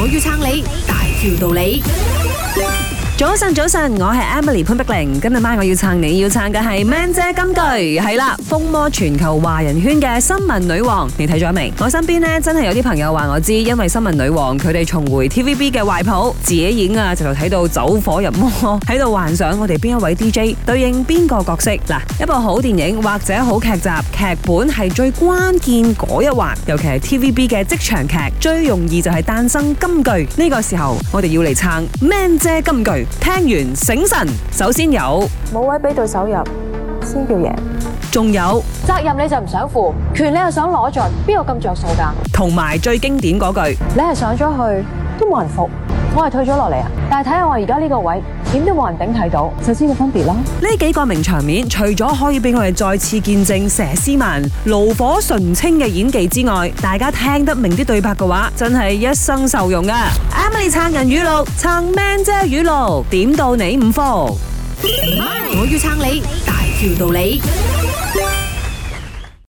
我要撐你，大條道理。早晨，早晨，我係 Emily 潘碧玲。今日晚我要撐你要撐嘅係 Man 姐金句，係啦， 風魔全球華人圈嘅新聞女王，你睇咗未？我身邊咧真係有啲朋友話我知，因為新聞女王佢哋重回 TVB 嘅懷抱，自己演啊，就睇到走火入魔，喺度幻想我哋邊一位 DJ 對應邊個角色。嗱，一部好電影或者好劇集，劇本係最關鍵嗰一環，尤其係 TVB 嘅職場劇最容易就係誕生金句。呢個時候我哋要嚟撐 Man 姐金句。聽完醒神，首先有冇位俾對手入先叫贏，仲有責任你就唔想負，權你又想攞盡，邊個咁着數噶？同埋最經典嗰句，你係上咗去都冇人服。我係退咗落嚟啊，但係睇下我而家呢個位，點都冇人頂睇到，就知個分別啦。呢幾個名場面，除咗可以俾我哋再次見證佘詩曼爐火純青嘅演技之外，大家聽得明啲對白嘅話，真係一生受用啊！Emily 撐人語錄，撐 man 姐語錄，點到你唔服，我要撐你，你大條道理。